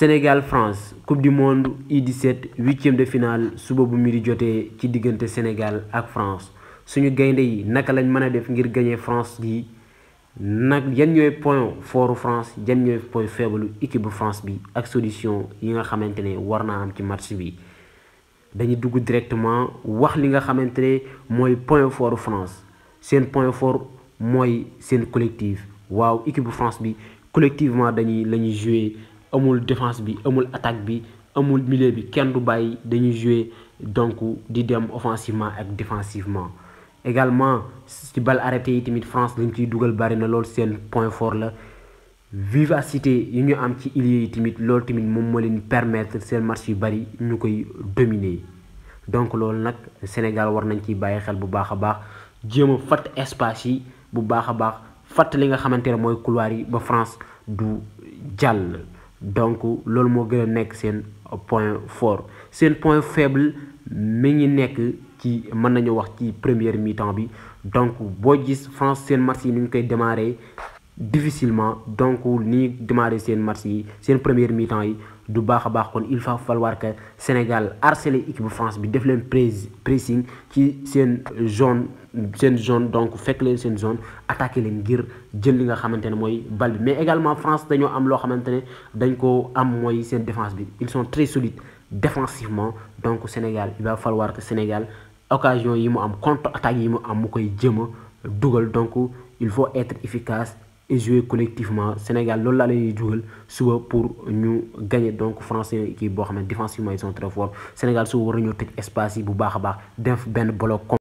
Sénégal France coupe du monde i 17 e de finale suba bu midi jotee ci digënté Sénégal ak France suñu gaynde yi naka lañ mëna def ngir gagner France gi Nak yan ñoy point fortu France yan ñoy point faible équipe France bi ak solution yi nga xamante warna war naa am ci match bi dañuy dugg directement wax li nga xamante moy point fortu France seen point fort moy seen collectif waaw équipe France bi collectivement dañuy la jouer amul défense bi amul attaque bi amul milieu bi kenn du bàyyi dañuy jouer donc di dem offensivement ak défensivement également ci bal arrêté yi tamit France lañ ciy dugal bari na loolu seen point fort la vivacité yi ñu am ci ilier yi tamit loolu tamit moom moo leen permettre seen match yu bari ñu koy dominer donc loolu nag Sénégal war nañ ciy bàyyi xel bu baax a baax jéem a espace yi bu baax a baax fatt li nga xamante ne mooy couloir yi ba France du jàll donc loolu moo gën a nekk seen point fort seen point faible mi ngi nekk ci mën nañu wax ci première mi-temps bi donc boo gis France seen match yi ni ñu koy démarrer difficilement donc ni démarrer sen match yi une première mi-temps yi du baakha baax il va falloir que Sénégal harceler équipe France bi def leen pressing ci sen zone sen zone donc fekk leen sen zone attaquer les ngir jël li nga xamantene moy balle bi mais également France dañoo am lo xamantene dañ ko am moy sen défense bi ils sont très solides défensivement donc Sénégal il va falloir que Sénégal occasion yi mu am contre attaque yi mu am mu koy jëma dougal donc il faut être efficace et jouer collectivement Sénégal loolu la lay jugal suba pour ñu gagner donc français qui bo mais défensivement ils sont très forts Sénégal suba war nañoo espace yi bu baax baax def bloc.